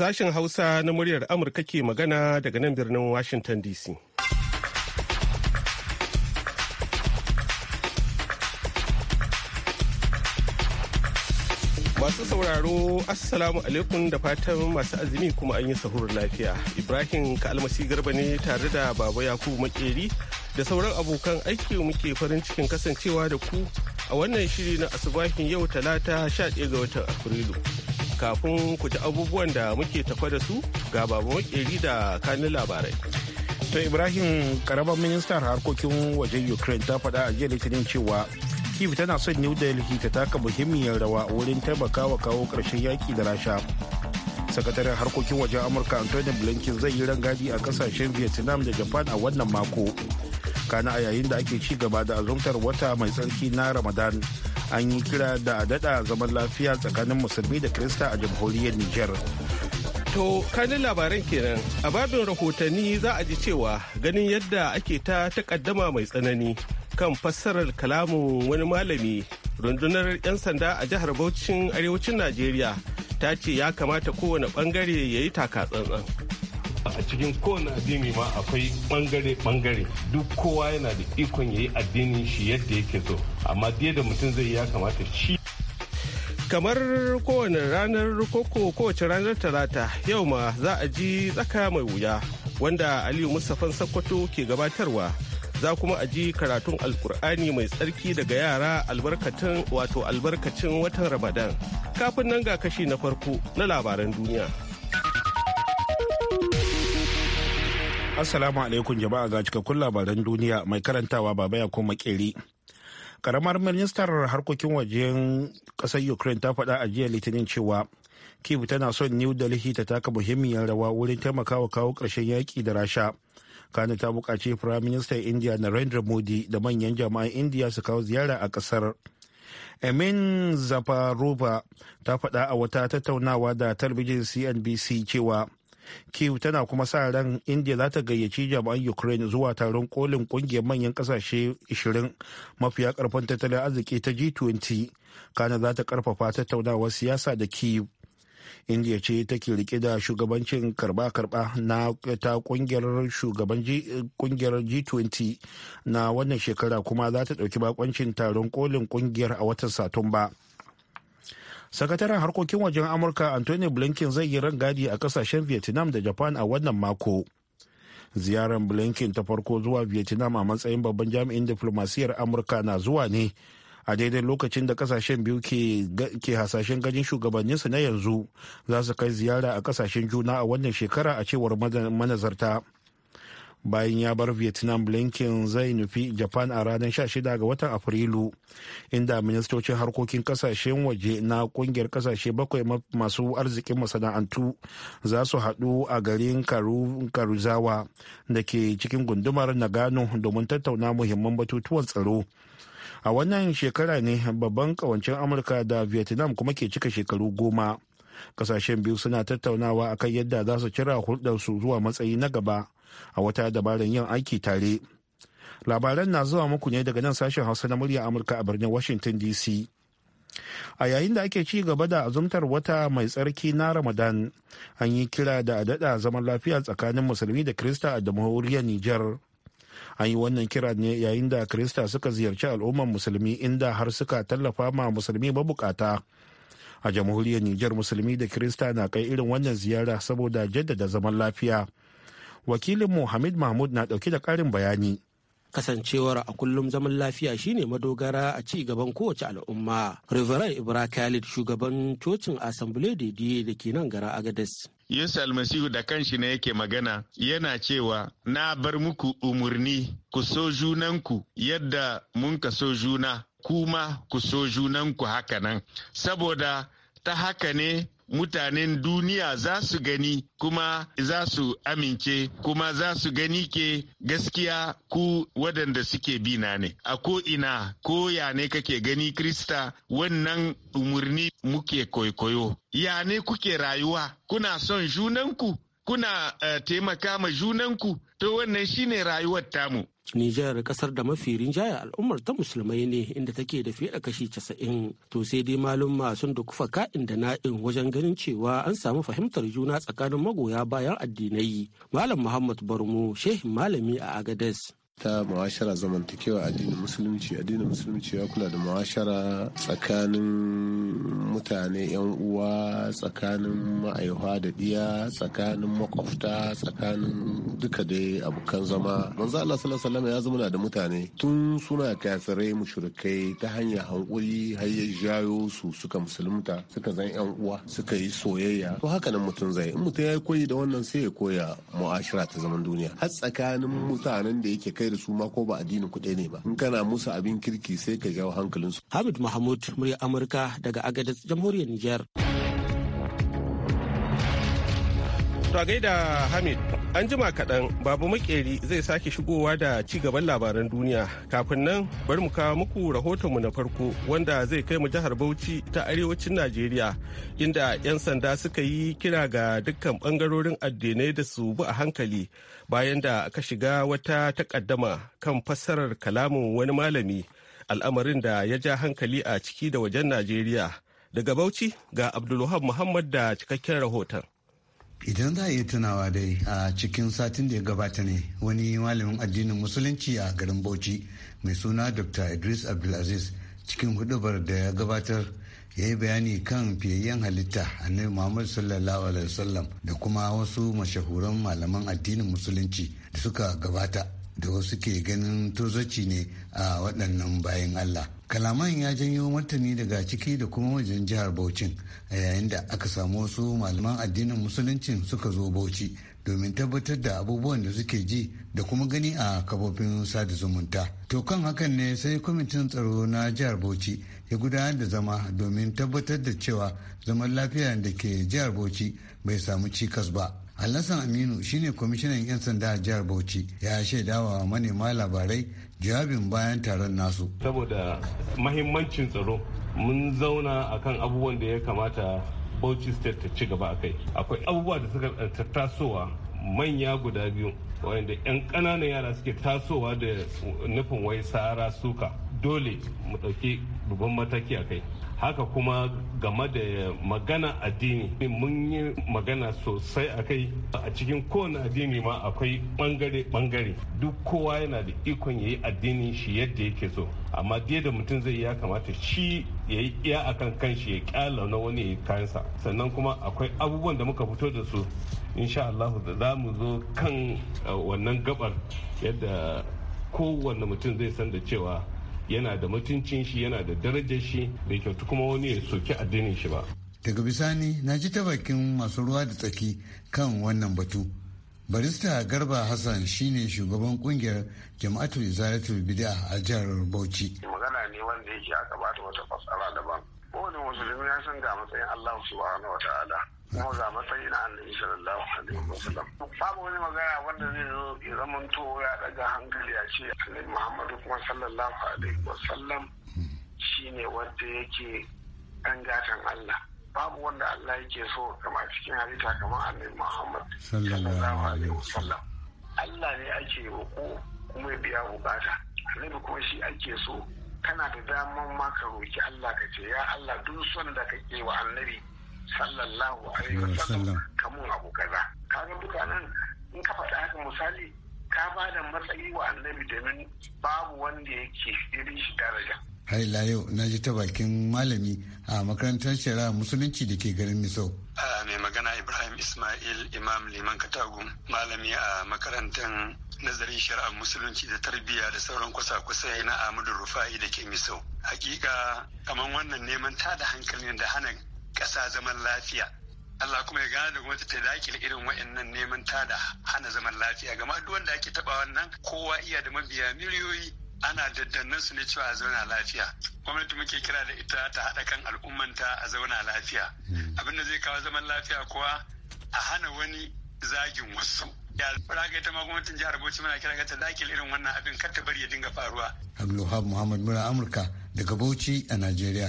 Sashen Hausa na muryar Amurka ke magana daga nan birnin Washington DC. Masu sauraro, Assalamu alaikum da fatan masu azumi kuma an yi sahurin lafiya. Ibrahim Kalmasi Garba ne tare da Baba Yakubu Makeri da sauran abokan aiki muke farin cikin kasancewa da ku a wannan shiri na asubahin yau talata 11 ga watan Afrilu. kafin ku ji abubuwan da muke tafa da su ga babu makeri da kanin labarai. To Ibrahim karamar ministan harkokin wajen Ukraine ta faɗa a jiya litinin cewa Kiev tana son New Delhi ta taka muhimmiyar rawa wurin taimakawa kawo ƙarshen yaƙi da Rasha. Sakataren harkokin wajen Amurka Anthony Blinken zai yi rangadi a kasashen Vietnam da Japan a wannan mako. Kana a yayin da ake ci gaba da azumtar wata mai tsarki na Ramadan. an yi kira da a daɗa zaman lafiya tsakanin musulmi da krista a jamhuriyar niger To kanin labaran kenan a babin rahotanni za a ji cewa ganin yadda ake ta takaddama mai tsanani kan fassarar kalamin wani malami rundunar 'yan sanda a jihar Bauchin arewacin Najeriya ta ce ya kamata kowane bangare ya yi taka tsantsan. a cikin kowane addini ma akwai bangare-bangare duk kowa yana da ikon ya yi addini shi yadda yake so amma da mutum zai ya kamata shi kamar kowane ranar koko kowace ranar talata yau ma za a ji tsaka mai wuya wanda aliyu mustafan sakkwato ke gabatarwa za kuma a ji karatun alkur'ani mai tsarki daga yara albarkatun wato albarkacin watan ramadan kafin nan ga kashi na farko na labaran duniya. Assalamu alaikum jama'a ga cikakkun labaran duniya mai karantawa baba ya koma keri. Karamar ministar harkokin wajen ƙasar Ukraine ta faɗa a jiya litinin cewa Kiev tana son New Delhi ta taka muhimmiyar rawa wurin taimakawa kawo ƙarshen yaƙi da Rasha. Kana ta buƙaci Firaministan India Narendra Modi da manyan jama'an India su kawo ziyara a ƙasar. Emin Zafarova ta faɗa a wata tattaunawa da talabijin CNBC cewa Kiyu tana kuma sa ran india za ta gayyaci jami'an ukraine zuwa taron kolin kungiyar manyan kasashe 20 mafiya karfin tattalin arziki ta g20 kana za ta karfafa tattaunawar siyasa da Kiyu. india ce take rike da shugabancin karba-karba na ta kungiyar shugaban kungiyar g20 na wannan shekara kuma za ta dauki bakoncin taron kolin kungiyar a watan satumba. sakataren harkokin wajen amurka anthony blinken zai yi rangadi a kasashen vietnam da japan a wannan mako ziyarar blinken ta farko zuwa vietnam a matsayin babban jami'in diflomasiyyar amurka na zuwa ne a daidai lokacin da kasashen biyu ke hasashen ganin shugabanninsu na yanzu za su kai ziyara a kasashen juna a wannan shekara a cewar manazarta. bayan ya bar vietnam blinken zai nufi japan a ranar 16 ga watan afrilu inda ministocin harkokin kasashen waje na kungiyar kasashe bakwai masu arzikin masana'antu za su hadu a garin karuzawa da ke cikin gundumar nagano domin tattauna muhimman batutuwan tsaro a wannan shekara ne babban kawancin amurka da vietnam kuma ke cika shekaru goma kasashen biyu suna tattaunawa akan yadda za su cira hulɗarsu zuwa matsayi na gaba a wata dabarar yin aiki tare labaran na zuwa muku ne daga nan sashen hausa na murya amurka a birnin washington dc a yayin da ake ci gaba da azumtar wata mai tsarki na ramadan an yi kira da a daɗa zaman lafiya tsakanin musulmi da krista a jamhuriyar Nijar. an yi wannan kira ne yayin da krista suka ziyarci al'ummar musulmi inda har suka tallafa ma musulmi mabukata a jamhuriyar Nijar, musulmi da krista na kai irin wannan ziyara saboda jaddada zaman lafiya wakilin Muhammad Mahmud na dauke da karin bayani. kasancewar a kullum zaman lafiya shine madogara a ci gaban kowace al'umma. Reverend Ibra Khalid shugaban cocin Assembly Didi da ke nan gara Agadez. Yesu almasihu da kanshi ne yake magana yana cewa na bar muku umarni ku so junanku yadda mun ka so juna kuma ku so junanku haka nan saboda ta haka ne mutanen duniya za su gani kuma za su amince kuma za su gani ke gaskiya ku waɗanda suke bina ne a ko ina ko ya ne kake gani krista wannan umarni muke kwaikwayo ya ne kuke rayuwa kuna son junanku kuna uh, taimaka ma junanku to wannan shine rayuwar tamu Nijar kasar da mafi rinjaya al'ummar ta musulmai ne inda take da fiye da kashi casa'in. To sai dai malumma sun da kufa ka'in da na'in wajen ganin cewa an samu fahimtar juna tsakanin magoya bayan addinai. Malam Muhammad Barmo shehin malami a Agades ta mu'ashara zamantakewa addinin musulunci addinin musulunci ya kula da mu'ashara tsakanin mutane yan uwa tsakanin ma'aihuwa da diya tsakanin makwafta tsakanin duka dai abokan zama manzo Allah sallallahu alaihi ya zama da mutane tun suna kafirai mushrikai ta hanyar hankuri har ya jayo su suka musulunta suka zan yan uwa suka yi soyayya to haka nan mutum zai in mutum ya koyi da wannan sai ya koya mu'ashara ta zaman duniya har tsakanin mutanen da yake kai da su ma ko ba addinin kuɗai ne ba in kana musu abin kirki sai ka jawo su. Hamid Mahmud murya Amurka daga Agadez jamhuriyar Nijar. To gaida Hamid An jima kaɗan babu makeri zai sake shigowa da ci gaban labaran duniya kafin nan bari mu kawo muku rahotonmu na farko wanda zai kai mu jihar Bauchi ta arewacin Najeriya inda 'yan sanda suka yi kira ga dukkan bangarorin addinai da su bi a hankali bayan da aka shiga wata takaddama kan fassarar kalamin wani malami al'amarin da ya ja hankali a ciki da wajen Najeriya. Daga Bauchi ga Abdulwahab Muhammad da cikakken rahoton. idan za a iya tunawa dai a cikin satin da ya gabata ne wani malamin addinin musulunci a garin bauchi mai suna dr idris abdulaziz cikin hudubar da ya gabatar ya yi bayani kan fiyayyen halitta annabi muhammad sallallahu alaihi wasallam da kuma wasu mashahuran malaman addinin musulunci da suka gabata da wasu ke ganin tozoci ne a waɗannan bayan allah kalaman ya janyo martani daga ciki da kuma wajen jihar Bauchin a yayin da aka samu wasu malaman addinin musuluncin suka zo Bauchi domin tabbatar da abubuwan da suke ji da kuma gani a kafofin sada zumunta. To kan hakan ne sai kwamitin tsaro na jihar Bauchi ya gudanar da zama domin tabbatar da cewa zaman lafiya da ke jihar Bauchi bai samu cikas ba. Alhassan Aminu shine kwamishinan 'yan sanda a jihar Bauchi ya shaidawa manema labarai jawabin bayan taron nasu saboda mahimmancin tsaro mun zauna akan abubuwan da ya kamata bauchi state ta ci gaba a kai akwai abubuwa da suka eh, tasowa manya guda biyu wanda 'yan ƙananan yara suke tasowa da nufin wai sara suka dole mu ɗauki babban mataki a kai haka kuma game da magana addini mun yi magana sosai a kai a cikin kowane addini ma akwai bangare-bangare duk kowa yana da ikon ya yi addinin shi yadda yake so amma da mutum zai ya kamata shi ya yi iya akan kanshi ya kyala na wani ya kayansa sannan kuma akwai abubuwan da muka fito da su insha Allah da za mu zo kan eh, wannan gabar yadda kowanne mutum zai san da cewa yana da mutuncin shi yana da darajar shi bai kyautu kuma wani ya soki addinin shi ba daga bisani na ji ta bakin masu ruwa da tsaki kan wannan batu barista garba hassan shine shugaban kungiyar jama'atul Zaratul bid'a a jihar bauchi magana ne wanda yake a gabata wata fasara daban kowane musulmi ya san ga matsayin allah subhanahu wa ta'ala kuma ga matsayi na annabi sallallahu alaihi wasallam babu wani magana wanda zai zo ya zamanto ya daga hankali a ce annabi muhammadu kuma sallallahu alaihi wasallam shine wanda yake ɗan gatan Allah babu wanda Allah yake so kama cikin halitta kamar annabi Muhammad sallallahu alaihi wasallam Allah ne ake roƙo kuma ya biya bukata annabi kuma shi ake so kana da daman ma ka roki Allah ka ce ya Allah duk son da kake wa annabi sallallahu alaihi wasallam kamun abu kaza kaga mutanen in ka faɗa haka misali ka ba da matsayi wa annabi domin babu wanda yake irin shi daraja hai yau na ji ta bakin malami a makarantar shari'a musulunci da ke garin misau mai magana ibrahim ismail imam liman katagun malami a makarantar nazarin shari'ar musulunci da tarbiyya da sauran kwasa-kwasai na amadu rufa'i da ke miso hakika kamar wannan neman tada hankalin da hana ƙasa zaman lafiya Allah kuma ya gane da gwamnati ta dakile irin wa'annan neman ta da hana zaman lafiya gama duk wanda ake taba wannan kowa iya da mabiya miliyoyi ana daddannan su ne cewa a zauna lafiya gwamnati muke kira da ita ta haɗa kan al'ummanta a zauna lafiya hmm. abin da zai kawo zaman lafiya kuwa a hana wani zagin wasu ya raga ita ma gwamnatin jihar Bauchi muna kira ta dakile irin wannan abin kar ta bari ya dinga faruwa Abdulwahab Muhammad muna Amurka daga Bauchi a Najeriya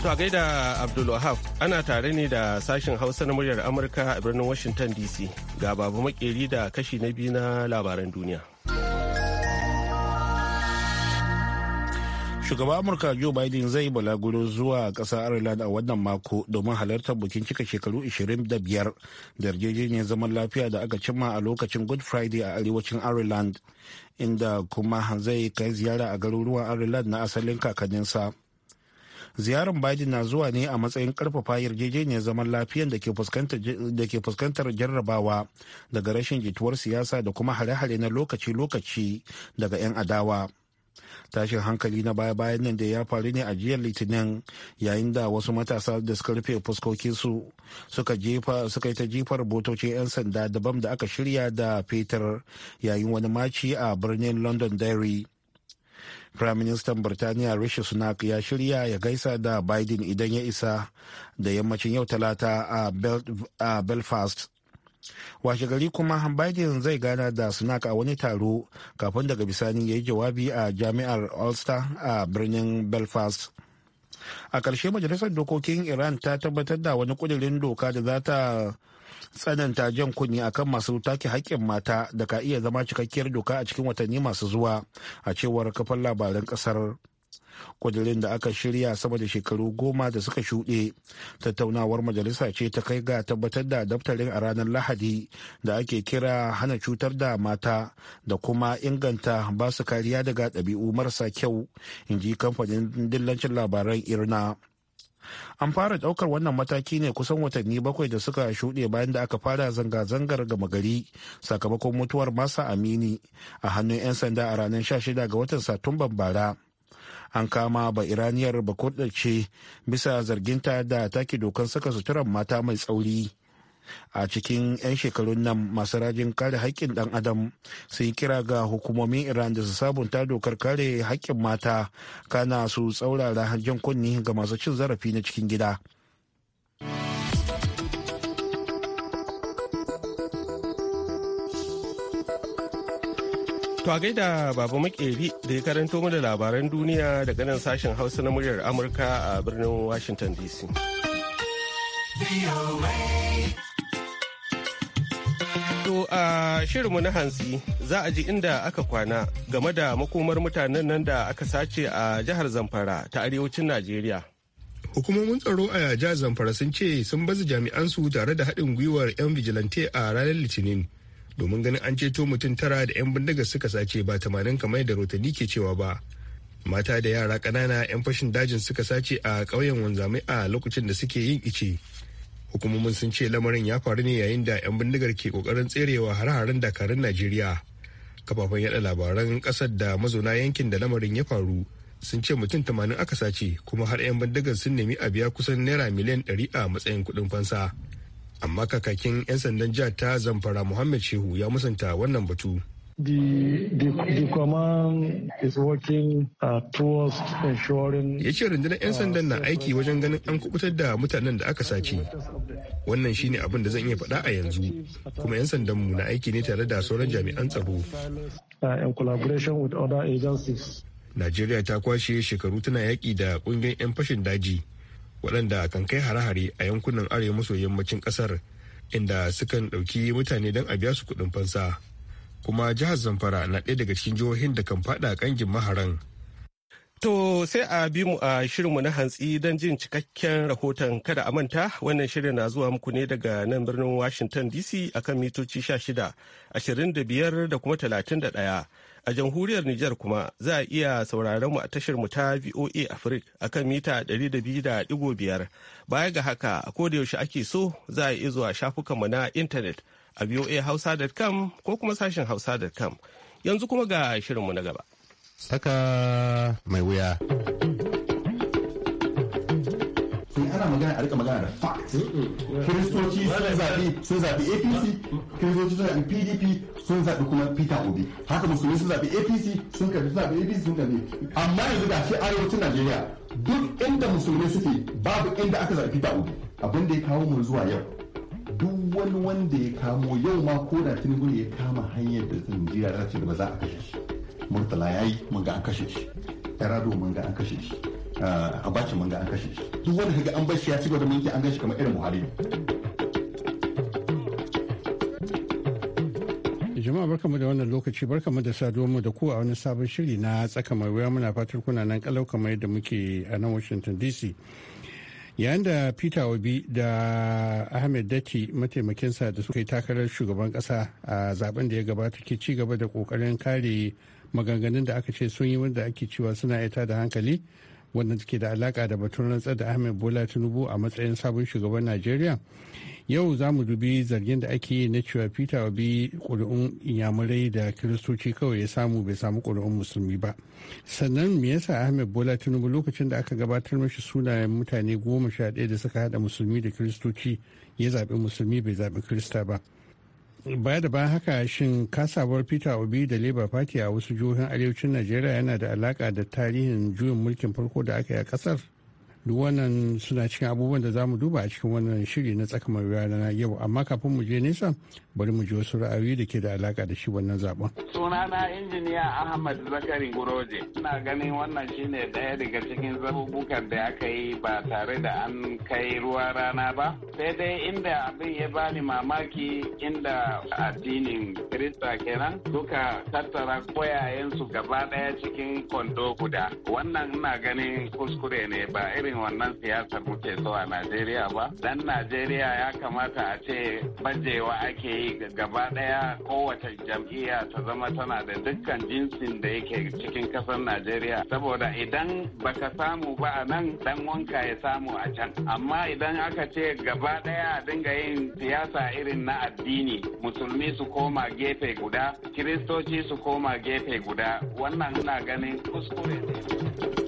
To a gaida Abdulwahab ana tare ne da sashen Hausa na muryar Amurka a birnin Washington DC ga babu makeri da kashi na biyu na labaran duniya. Shugaban Amurka Joe Biden zai balaguro zuwa ƙasar Ireland a wannan mako domin halartar bikin cika shekaru 25 da yarjejeniyar zaman lafiya da aka cimma a lokacin Good Friday a arewacin Ireland inda kuma zai kai ziyara a garuruwan Ireland na asalin kakanninsa. ziyarar biden na zuwa ne a matsayin karfafa yarjejeniyar zaman lafiyar da ke fuskantar jarrabawa daga rashin jituwar siyasa da kuma hare-hare na lokaci-lokaci daga 'yan adawa tashin hankali na baya-bayan nan da ya faru ne a jiyar litinin yayin da wasu matasa da suka rufe fuskokinsu suka yi ta jifar botoci 'yan sanda dabam da aka shirya da fetur yayin wani maci a birnin london dairy firaministan birtaniya rishi sunak ya shirya ya gaisa da biden idan ya isa da yammacin yau talata a belfast washe gari kuma biden zai gana da sunak a wani taro kafin daga bisani ya yi jawabi a jami'ar ulster a birnin belfast a ƙarshe majalisar dokokin iran ta tabbatar da wani ƙudurin doka da za ta tsananta jan kunni akan masu take haƙƙin mata da ka iya zama cikakkiyar doka a cikin watanni masu zuwa a cewar kafar labaran ƙasar kudirin da aka shirya sama da shekaru goma da suka shuɗe tattaunawar majalisa ce ta kai ga tabbatar da daftarin a ranar lahadi da ake kira hana cutar da mata da kuma inganta ba su kariya daga ɗabi'u marasa kyau in ji kamfanin dillancin labaran irna an fara daukar wannan mataki ne kusan watanni bakwai da suka shuɗe bayan da aka fara zanga-zangar gama gari sakamakon mutuwar masa amini a hannun 'yan sanda a ranar 16 ga watan satumban bara an kama ba iraniyar bakurɗace bisa zarginta da take dokan saka suturar mata mai tsauri a cikin 'yan shekarun nan masu rajin kare haƙƙin ɗan adam sun kira ga hukumomin iran da su sabunta dokar kare haƙƙin mata kana su tsaurara jan kunni ga masu cin zarafi na cikin gida To a gaida babu Makeri da ya karanto mu da labaran duniya daga nan sashen Hausa na muryar Amurka a birnin Washington DC. a shirinmu na Hansi, za a ji inda aka kwana game da makomar mutanen nan da aka sace a jihar Zamfara ta arewacin Najeriya. Hukumomin tsaro a jihar Zamfara sun ce sun baza jami'ansu tare da haɗin gwiwar 'yan vigilante a ranar Litinin domin ganin an ceto mutum tara da 'yan bindiga suka sace ba tamanin kamar da rotani ke cewa ba. Mata da yara ƙanana 'yan fashin dajin suka sace a ƙauyen wanzamai a lokacin da suke yin ice. hukumomin sun ce lamarin ya faru ne yayin da 'yan bindigar ke kokarin tserewa har-haren dakarun najeriya kafafen yada labaran kasar da mazauna yankin da lamarin ya faru sun ce mutum tamanin aka sace kuma har 'yan bindigar sun nemi a biya kusan naira miliyan ɗari a matsayin kuɗin fansa amma kakakin 'yan sandan jihar ta zamfara muhammad shehu ya musanta wannan batu the, the, the command is working uh, towards ensuring. Ya ce rundunar 'yan sandan na aiki wajen ganin an kubutar da mutanen da aka sace. Wannan shine abin da zan iya faɗa a yanzu, kuma 'yan mu na aiki ne tare da sauran jami'an tsaro. Uh, in collaboration with other agencies. Najeriya ta kwashe shekaru tana yaƙi da ƙungiyar 'yan fashin daji waɗanda kan kai hare-hare a yankunan arewa maso yammacin ƙasar inda sukan ɗauki mutane don a biya su kuɗin fansa. kuma jihar zamfara na ɗaya daga cikin jihohin da kan fada kangin maharan To sai a bi mu a shirin mu na hantsi don jin cikakken rahoton kada a manta wannan shirin na zuwa muku ne daga nan birnin Washington DC akan mitoci 16, ashirin da kuma talatin da ɗaya A jamhuriyar Nijar kuma za a iya sauraron mu a tashar mu ta VOA Africa akan mita da biyar Baya ga haka a koda yaushe ake so za a iya zuwa shafukanmu na intanet a voahausa.com ko kuma sashen hausa.com. Yanzu kuma ga shirinmu na gaba. Saka mai wuya. ana magana a rika magana da fact kiristoci sun zaɓi sun zaɓi apc kiristoci sun zaɓi pdp sun zaɓi kuma peter obi haka musulmi sun zaɓi apc sun karbi sun zaɓi apc sun karbi amma yanzu ga shi arewacin najeriya duk inda musulmi suke babu inda aka zaɓi peter obi abin da ya kawo mu zuwa yau duk wani wanda ya kamo yau ma ko da tinubu ya kama hanyar da najeriya za ce ba za a kashe shi murtala ya yi mun ga an kashe shi yarado mun ga an kashe shi ah, abaci mun ga an kashe shi duk wanda kaga an bar shi ya ci gaba da mulki an gashi kamar irin buhari jama'a barkamu da wannan lokaci barkamu da saduwa mu da ku a wani sabon shiri na tsaka mai wuya muna fatar kuna nan kalau kamar yadda muke a nan washington dc yayin da peter obi da ahmed dati mataimakinsa da suka yi takarar shugaban kasa a zaben da ya gabata ke ci gaba da kokarin kare maganganun da aka ce sun yi wanda ake cewa suna ita da hankali wanda ke da alaka da batun rantsar da ahmed bola tinubu a matsayin sabon shugaban najeriya yau za mu dubi zargin da ake yi na cewa peter obi ƙuri'un inyamurai da kiristoci kawai ya samu bai samu kuri'un musulmi ba sannan me yasa ahmed bola tinubu lokacin da aka gabatar mashi sunayen mutane goma sha ɗaya da suka haɗa musulmi da kiristoci ya zaɓi musulmi bai zaɓi kirista ba baya da bayan haka shin kasawar peter obi da labour party a wasu jihohin arewacin najeriya yana da alaka da tarihin juyin mulkin farko da aka yi a ƙasar. duk wannan suna cikin abubuwan da za mu duba a cikin wannan shiri na tsakamar mai na yau amma kafin mu je nesa bari mu ji wasu ra'ayoyi da ke da alaka da shi wannan zaben. sunana injiniya ahmad zakari guroje ina ganin wannan shine daya daga cikin zabubukan da aka yi ba tare da an kai ruwa rana ba sai dai inda abin ya bani mamaki inda addinin krista kenan suka tattara koyayensu gaba daya cikin kwando guda wannan ina ganin kuskure ne ba irin irin wannan siyasar muke so a najeriya ba dan najeriya ya kamata a ce bajewa ake yi gaba daya kowace jam'iyya ta zama tana da dukkan jinsin da yake cikin kasar najeriya saboda idan baka samu ba a nan dan wanka ya samu a can amma idan aka ce gaba daya dinga yin siyasa irin na addini musulmi su koma gefe guda kiristoci su koma gefe guda wannan ina ganin kuskure ne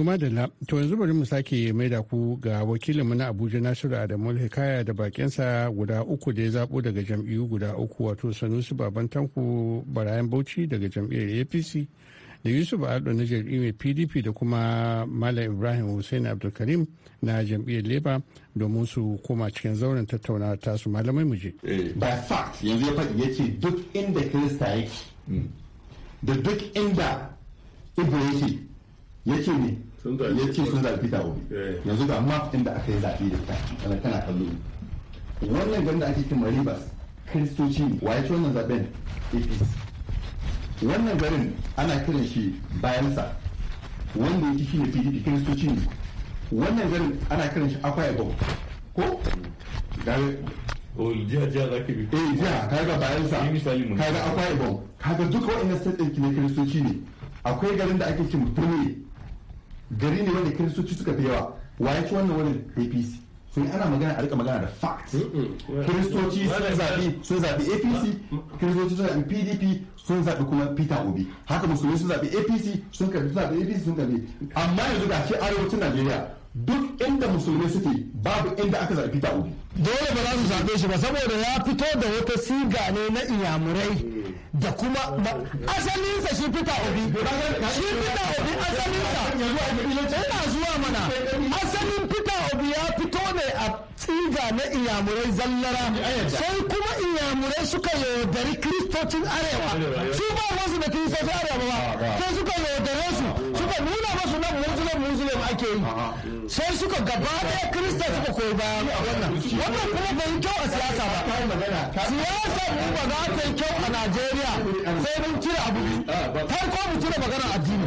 To madalla, to yanzu bari mu sake maida ku ga wakilinmu na Abuja Nasiru Adamu Hikaya da bakinsa guda uku da ya zabo daga jam'iyyu guda uku wato Sanusi Baban Tanku Barayan Bauchi daga jam'iyyar APC da Yusuf Ado na jam'iyyar PDP da kuma Malam Ibrahim Hussein Abdulkarim na jam'iyyar Labour domin su koma cikin zauren tattaunawa tasu malamai mu je. Eh, by fact yanzu ya faɗi ya ce duk inda Kirista hmm. da duk inda yake ne ya ce sun zaɓi ta obi eh. yanzu ga map ɗin da aka yi zaɓi da ta kana kana kallo wannan garin da ake cin maribas kristoci ne waye ci wannan zaɓen apc wannan garin ana kiran shi bayansa wanda ya ci shi ne pdp kristoci ne wannan garin ana kiran shi akwai bau ko eh, oh, jiya jiya za ka bi eh jiya kaga bayansa kaga akwai ebo kaga duka wa'annan state ɗin ne kristoci ne akwai garin da ake cin birni gari ne wanda kiristoci suka fi yawa waye ci wannan wani apc sun ana magana a rika magana da fact kiristoci sun zaɓi apc kiristoci sun zaɓi pdp sun zaɓi kuma peter obi haka musulmi sun zaɓi apc sun karbi sun zaɓi apc sun karbi amma yanzu ga shi arewacin najeriya duk inda musulmi suke babu inda aka zaɓi peter obi dole ba za su zaɓe shi ba saboda ya fito da wata siga ne na iyamurai. da kuma asalinsa shi fita obi shi fita obi asalinsa yana zuwa mana asalin fita obi ya fito ne a tsiga na iyamurai zallara sai kuma iyamurai suka yaudari kristocin arewa su ba wasu da kristocin arewa ba sai suka yaudare su suka nuna masu na musulun musulun ake yi sai suka gaba daya krista suka koyi baya wannan ba yi kyau a siyasa ba siyasa mu ba za ta yi kyau a najeriya sai mun cire abu farko ah, mu cire magana addini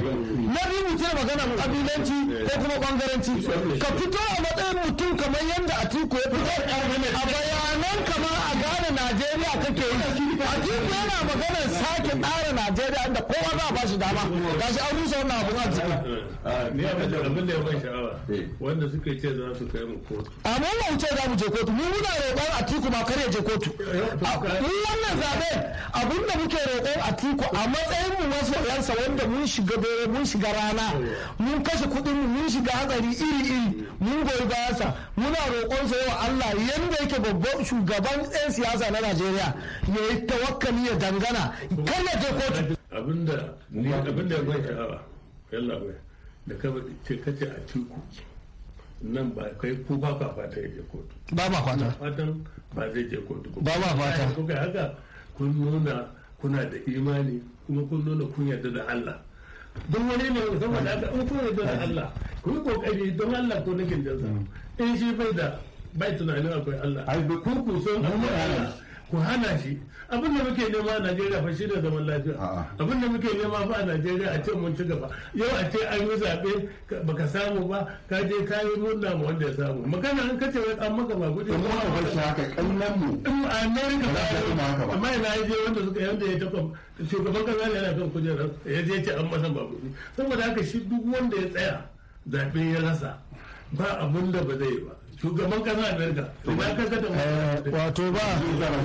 na biyu mu cire magana kabilanci ko kuma bangaranci ka fito a matsayin mutum kamar yadda atiku ya fito a bayanan kama a gane najeriya kake yi a yana maganar sake tsara najeriya inda kowa za a ba shi dama ga shi an rusa wannan abun arziki ni a da abin da ya ban sha'awa wanda suka ce za su kai mu kotu amma mu ce za mu je kotu mu muna roƙon a tiku ma kar je kotu mu wannan zabe abin da muke roƙon a tiku a matsayin mu masu yansa wanda mun shiga dore mun shiga rana mun kashe kuɗin mu mun shiga hatsari iri iri mun goyi bayansa muna roƙon sa yau Allah yanda yake babban shugaban 'yan siyasa na Najeriya tarayya ya yi tawakkali ya dangana kan ya je kotu. abinda abinda ya bai sha'awa yalla bai da ka ce kace a tiku nan ba kai ko ba ka fata ya je kotu. ba ba fata. fatan ba zai je kotu. ba ba fata. kuka haka kun nuna kuna da imani kuma kun nuna kun yarda da Allah. don wani ne musamman da aka in kun yarda da Allah ku yi kokari don Allah ko nake jinsa in shi bai da bai tunanin akwai Allah. Ai, ku kurkusun Allah. ku hana shi abin da muke nema a najeriya fa shi da zaman lafiya abin da muke nema fa a najeriya a ce mun ci gaba yau a ce an yi zaɓe baka samu ba ka je ka yi nuna ma wanda ya samu magana an kace wai an maka ba gudi kuma ba bar shi haka kallon mu in a america ba amma ina ya je wanda suka yanda ya tafa shugaban kasa ne yana kan kujerar ya je ce an masa ba gudi saboda haka shi duk wanda ya tsaya zaɓe ya rasa ba abun da ba zai ba shugaban kasa amerika ina ka ga eh, wato ba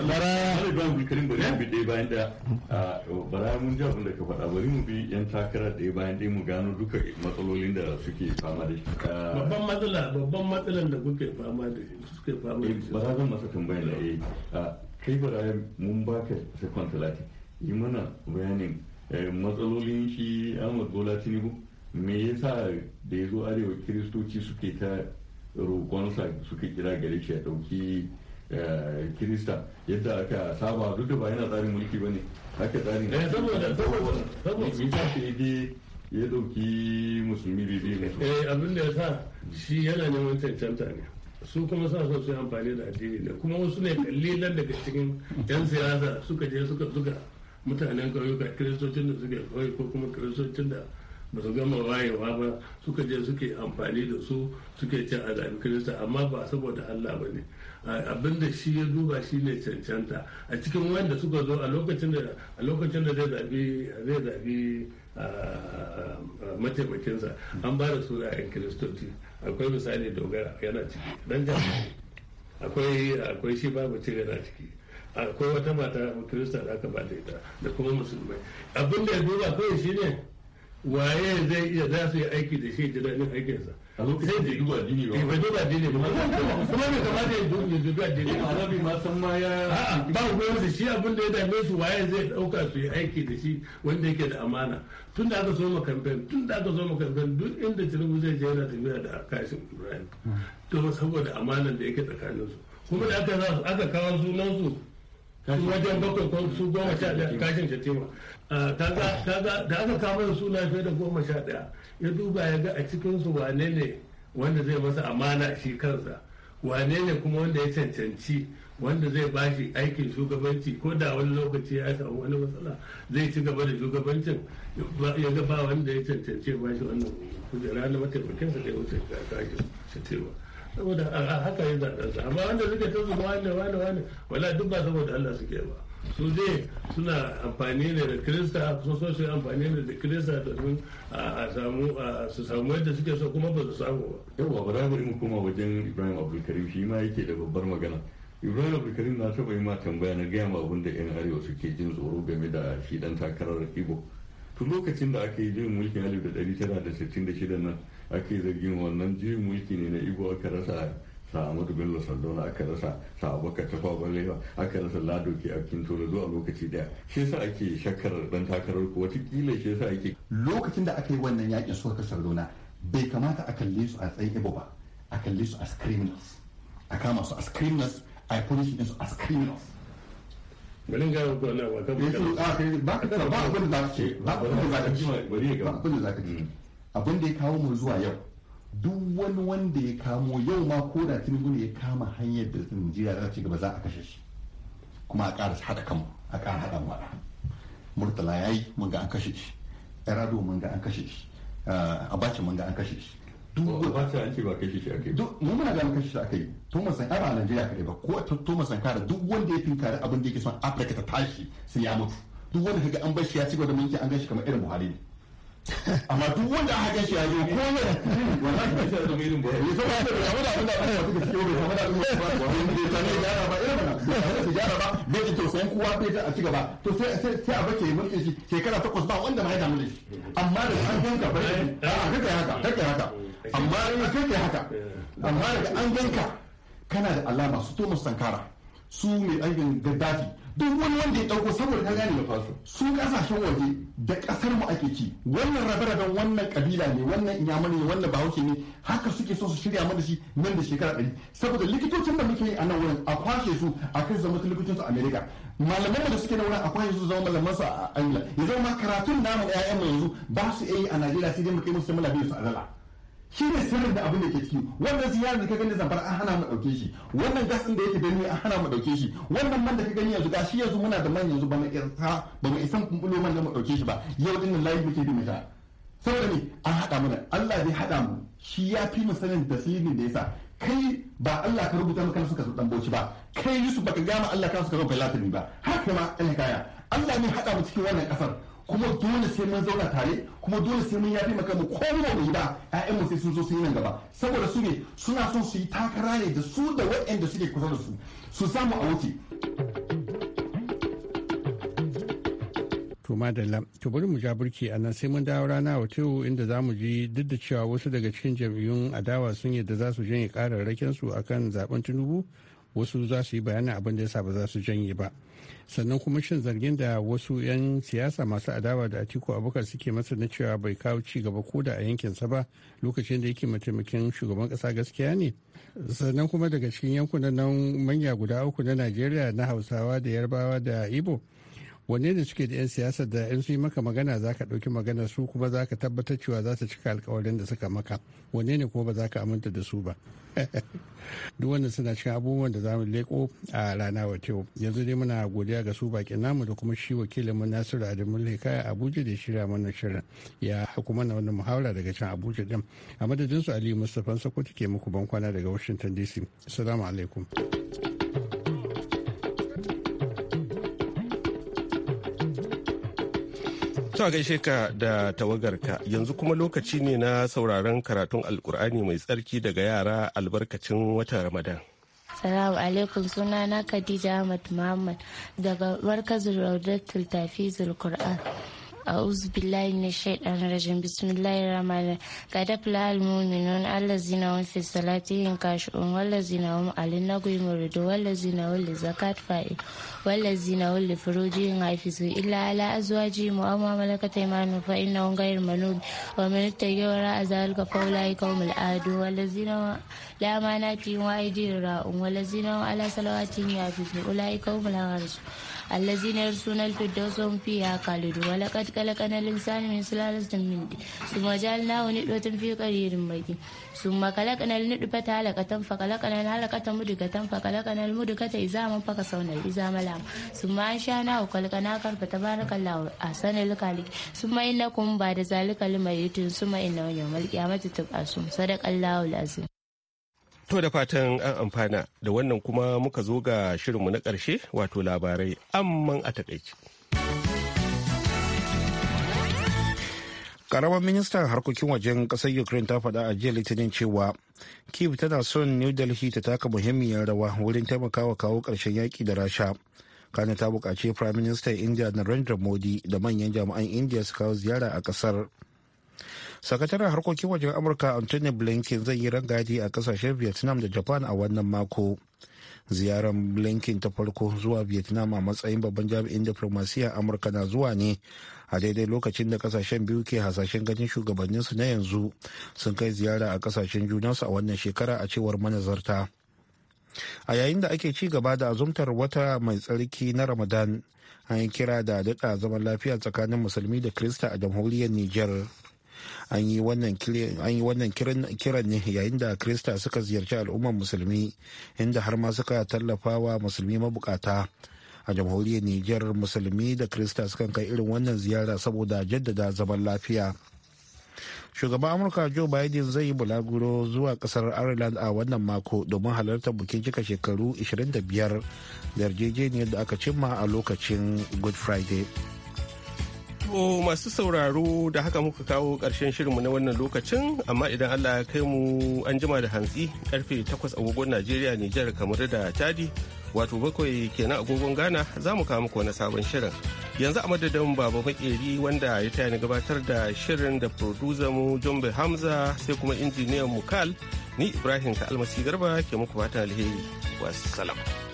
bara bi bayan da. Ah, bara mun ji abin da ka faɗa bari mu bi yan takara ɗaya bayan ɗaya mu gano duka matsalolin da suke fama da shi ah, babban matsala babban matsalan da kuke fama da suke fama da eh, shi ba za zan masa tambayar da eh. ah, yayi kai bara mun baka sakon talatin yi mana bayanin matsalolin shi Ahmad Bola Tinubu me yasa da ya zo arewa kiristoci suke ta roƙonsa suka kira gare shi ya ɗauki eh, kirista yadda aka saba duk da ba yana tsarin mulki ba ne aka tsarin eh, mulki ya ɗauki musulmi bibi eh, abin da ya sa shi yana neman cancanta ne su kuma sa so su yi amfani da addini ne kuma wasu ne kallilan daga cikin yan siyasa suka je suka zuga mutanen ƙauyuka kiristocin da suke ƙauye ko kuma kiristocin da ba su gama wayewa ba suka je suke amfani da su suke cin azabi kirista amma ba saboda allah ba ne da shi ya duba shi ne cancanta a cikin wanda suka zo a lokacin da zai zabi zai zabi mataimakinsa an ba da suna 'yan kiristoci akwai misali dogara yana ciki dan akwai akwai shi babu ci yana ciki akwai wata mata kirista da aka ba da ita da kuma musulmai abin da ya duba kawai shi ne waye zai iya za su yi aiki da shi da daɗin aikinsa a lokacin da duba dini ba eh, bai duba dini ba kuma bai kamata ya duba dini ba rabi ma san ma ya ba ruwansu shi abin da ya dame su waye zai ɗauka su yi aiki da shi wanda yake da amana tun da aka zo ma kamfen tun da aka zo ma kamfen duk inda tinubu zai je yana tafiya da kashin ibrahim to saboda amanan da yake tsakaninsu kuma da aka kawo sunansu wajen bakwai ko su goma sha ɗaya kashin shatima ah, da aka kama da suna fiye da goma sha ɗaya ya duba ya ga a cikinsu wane ne wanda zai masa amana shi kansa wane ne kuma wanda ya cancanci wanda zai bashi aikin shugabanci ko da wani lokaci ya samu wani matsala zai ci gaba da shugabancin ya ga ba wanda ya cancanci ya bashi wannan kujera na mataimakinsa da ya wuce kashin shatima saboda haka ya zaɓe amma wanda suke ta zuwa wane wane wane wala duk ba saboda Allah suke ba su dai suna amfani ne da krista su so su amfani ne da krista domin a samu su samu yadda suke so kuma ba su samu ba yawa ba za mu koma wajen ibrahim abdulkarim shi ma yake da babbar magana ibrahim abdulkarim na taɓa yi ma tambaya na gaya ma abin da yan arewa suke jin tsoro game da shi dan takarar ibo tun lokacin da aka yi jin mulkin alif da ɗari tara da sittin da nan ake zargin wannan juyin mulki ne na Igbo aka rasa Ahmadu Bello Sardauna aka rasa Abubakar Tafa Balewa aka rasa Lado ke akin tolo zuwa lokaci daya shi yasa ake shakkar dan takarar ko watakila shi yasa ake lokacin da aka yi wannan yakin su aka Sardauna bai kamata a kalle su a tsayin ibo ba a kalle su as criminals a kama su as criminals a punish su as criminals bari ga ko na wata ba ka ba ka da za ka ce ba ka da za ka ce abin da ya kawo mu zuwa yau duk wani wanda ya kamo yau ma ko da tinubu ne ya kama hanyar da najeriya za ci gaba za a kashe shi kuma a ƙara haɗa kanmu a ƙara haɗa mu murtala ya yi mun ga an kashe shi erado mun ga an kashe shi ah, abacha mun ga an kashe shi duk an ce ba kashe shi mun muna ga an kashe shi akai thomas sankara a najeriya kaɗai ba ko thomas sankara duk wanda ya finkari abin da yake son afirka ta tashi sai ya mutu duk wanda kaga an bashi ya ci gaba da mulki an gashi kamar irin buhari ne amma duk wanda aka kashe ya zo ko ne wallahi ba shi da mai ba wanda yi bai da irin ba ba ba ba kowa bai a ci gaba to sai sai a bace mulkin shekara takwas ba wanda ma ba a kake haka kake haka amma an ganka kana da alama su to sankara su mai aikin gaddafi duk wani wanda ya dauko saboda ka gane na faso su kasashen waje da kasar mu ake ci wannan rabe-raben wannan kabila ne wannan inyama ne wannan bahaushe ne haka suke so su shirya mana shi nan da shekara ɗari saboda likitocin da muke yi a nan wurin a kwashe su a kai zama likitocin su america malaman da suke na wurin a kwashe su zama malaman su a ingila ya zama karatun namu ƴaƴan mu yanzu ba su iya yi a najeriya sai dai mu kai musu malabi su a gala. shi ne sirrin da abin da ke ciki wannan ziyarar da ka gani zambar an hana mu dauke shi wannan gas din da yake dani an hana mu dauke shi wannan man da ka gani yanzu gashi yanzu muna da man yanzu ba mu isa ba mu isan kumbulo man da mu dauke shi ba yau din nan layi muke bi mu ta saboda ne an hada mana Allah zai hada mu shi ya fi mu sanin tasirin da yasa kai ba Allah ka rubuta maka suka zo dan boci ba kai Yusuf baka ga ma Allah ka suka zo kai ba haka ma ya kaya Allah ne hada mu cikin wannan kasar kuma dole sai mun zauna tare kuma dole sai mun yafi maka mu ko mu yi ba ƴaƴan mu sai sun zo sun yi nan gaba saboda su ne suna son su yi takara ne da su da waɗanda suke kusa da su su samu a wuce To madalla, to bari mu ja burki a nan sai mun dawo rana wata tewu inda za mu ji duk da cewa wasu daga cikin jam'iyyun adawa sun yadda za su janye kararrakin su kan zaben Tinubu, wasu za su yi bayanin abin da ya sa ba za su janye ba. sannan kuma shin zargin da wasu 'yan siyasa masu adawa da atiku abubakar suke masa na cewa bai kawo ci gaba ko da a yankinsa ba lokacin da yake mataimakin shugaban kasa gaskiya ne sannan kuma daga cikin yankunan nan manya guda uku na najeriya na hausawa da yarbawa da ibo wanne ne suke da 'yan siyasar da 'yan su yi maka magana za ka ɗauki magana su kuma za ka tabbatar cewa za ta cika alkawarin da suka maka wanne ne kuma ba za ka aminta da su ba duk wannan suna cikin abubuwan da za mu leko a rana wata yanzu dai muna godiya ga su bakin namu da kuma shi wakilin mu nasiru adamu lekaya abuja da shirya mana shirin ya kuma na wannan muhawara daga can abuja din a madadin su aliyu mustapha sokoto ke muku bankwana daga washington dc assalamu alaikum To gaishe ka da tawagarka yanzu kuma lokaci ne na sauraron karatun alkur'ani mai tsarki daga yara albarkacin watan Ramadan. Salamu alaikum suna na Khadija Ahmad Muhammad daga markazin Raudatul Tafi Qur'an. A'uzubila inna shaiɗan raijin bisimila ya ramalai ka dafa lahal mu min nan Allah zina wani fursar latin yanka shi uku wani zina wani Ali na kuyi muridu wani zina illa ala'azu aji mu'amala ka taimakon fainna wangayar manoni kuma minita wa ra'azalika faulayi kawun l'adun wani zina laimana tiyo a yi dirira uku wani zina wani alasalawa tin ya fi allazina yarsuna alfirdaus hum fiha khalidun wa laqad khalaqna al-insana min sulalatin min tin thumma ja'alnahu nutfatan fi qararin makin thumma khalaqna al-nutfata halaqatan fa khalaqna al-halaqata mudghatan fa khalaqna al-mudghata izaman fa kasawna izama lam thumma ansha'nahu khalqana karfa tabarakallahu ahsanal khaliq thumma innakum ba'da zalika limayitun thumma innahu yawmal qiyamati tub'asun sadaqallahu al-azim To da fatan an amfana da wannan kuma muka zo ga shirinmu na ƙarshe wato labarai amman a takaici. Karamar ministan harkokin wajen ƙasar Ukraine ta faɗa a jiya litinin cewa Kiev tana son New Delhi ta taka muhimmiyar rawa wurin taimakawa kawo ƙarshen yaƙi da Rasha. Kana ta buƙaci Prime Minister India Narendra Modi da manyan jami'an India su kawo ziyara a ƙasar. sakataren harkokin wajen amurka anthony blinken zai yi rangadi a kasashen vietnam da japan a wannan mako ziyarar blinken ta farko zuwa vietnam a matsayin babban jami'in diplomasiyya amurka na zuwa ne a daidai lokacin da kasashen biyu ke hasashen ganin shugabanninsu na yanzu sun kai ziyara a kasashen junansu a wannan shekara a cewar manazarta a yayin da ake ci gaba da azumtar wata mai tsarki na ramadan an yi kira da daɗa zaman lafiya tsakanin musulmi da krista a jamhuriyar niger an yi wannan kiran ne yayin da krista suka ziyarci al'ummar musulmi inda har ma suka tallafa wa musulmi mabukata a jamhuriyar niger musulmi da krista suka kai irin wannan ziyara saboda jaddada zaman lafiya shugaban amurka joe biden zai yi bulaguro zuwa kasar ireland a wannan mako domin halartar bikin cika shekaru 25 da yarjejeniyar da aka cimma a lokacin good friday To masu sauraro da haka muka kawo ƙarshen shirinmu na wannan lokacin amma idan Allah ya kai mu an jima da hantsi karfe 8 agogon Najeriya Nijar kamar da Chadi wato bakwai kenan agogon Ghana za mu kawo muku wani sabon shirin. Yanzu a madadin Baba Makeri wanda ya taya ni gabatar da shirin da producer mu Jombe Hamza sai kuma injiniyan mu kal ni Ibrahim Ka Almasi Garba ke muku fatan alheri. Wassalam.